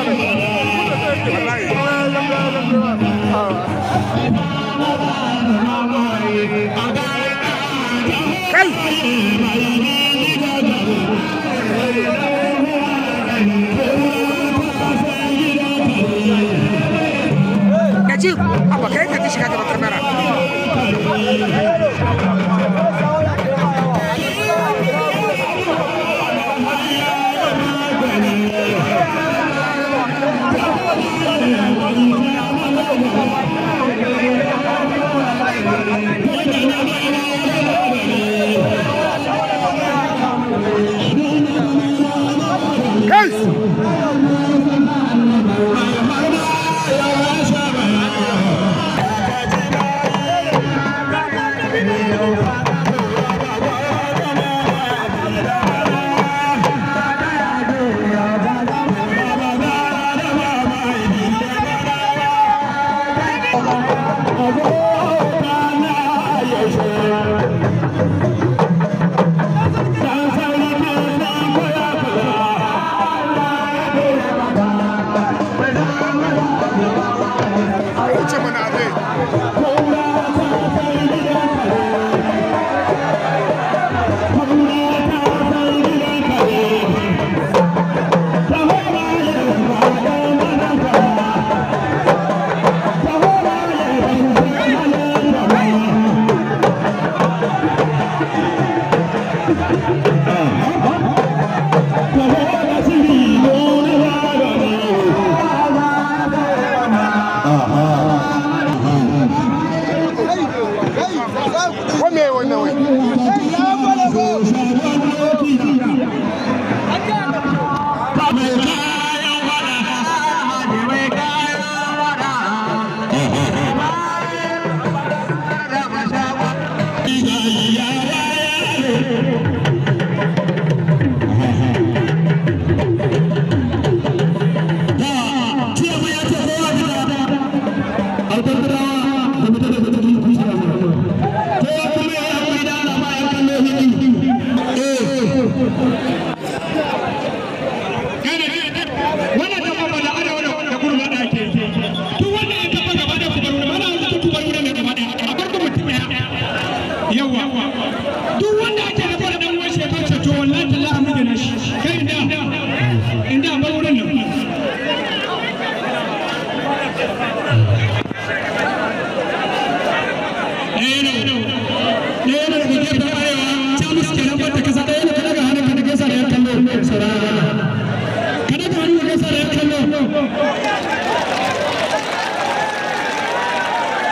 Kaji, apa ta shiga da kaji bertermerah?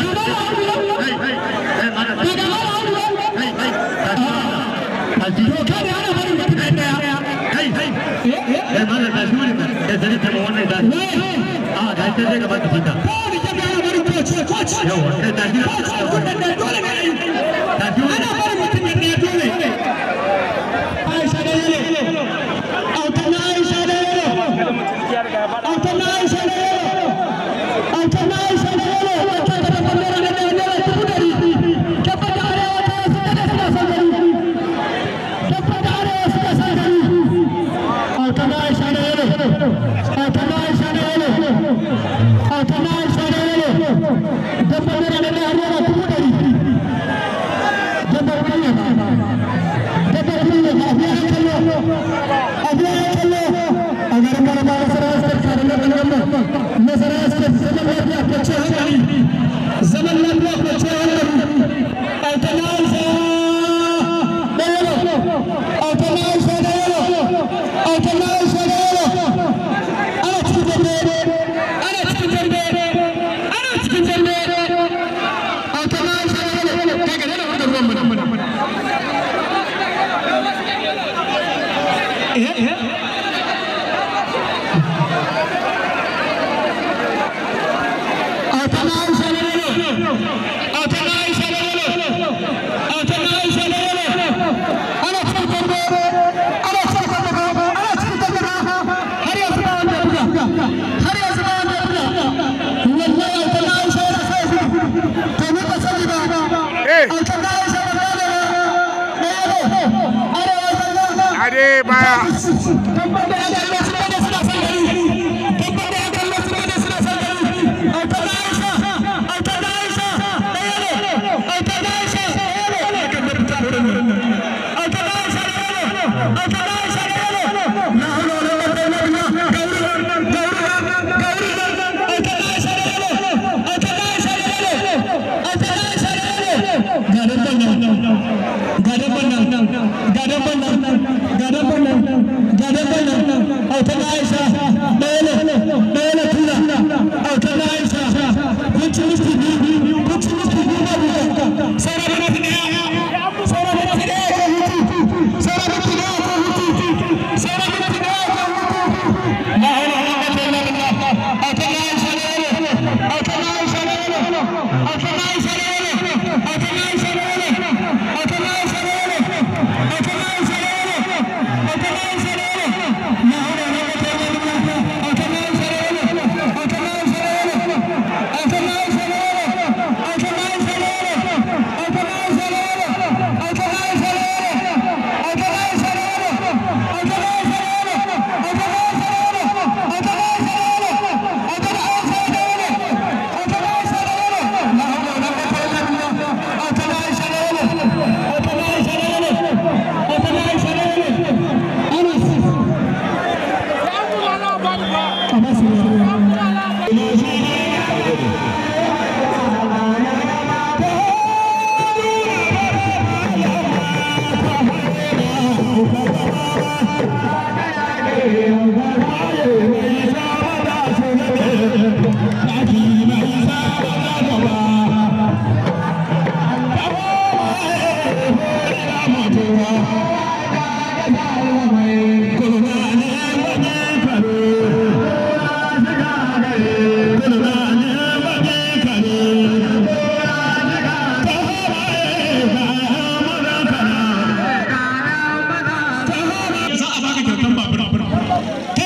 Yau, kai da kuma da hey, hey, hey. Eh, baya Vámonos. ba su Yeah.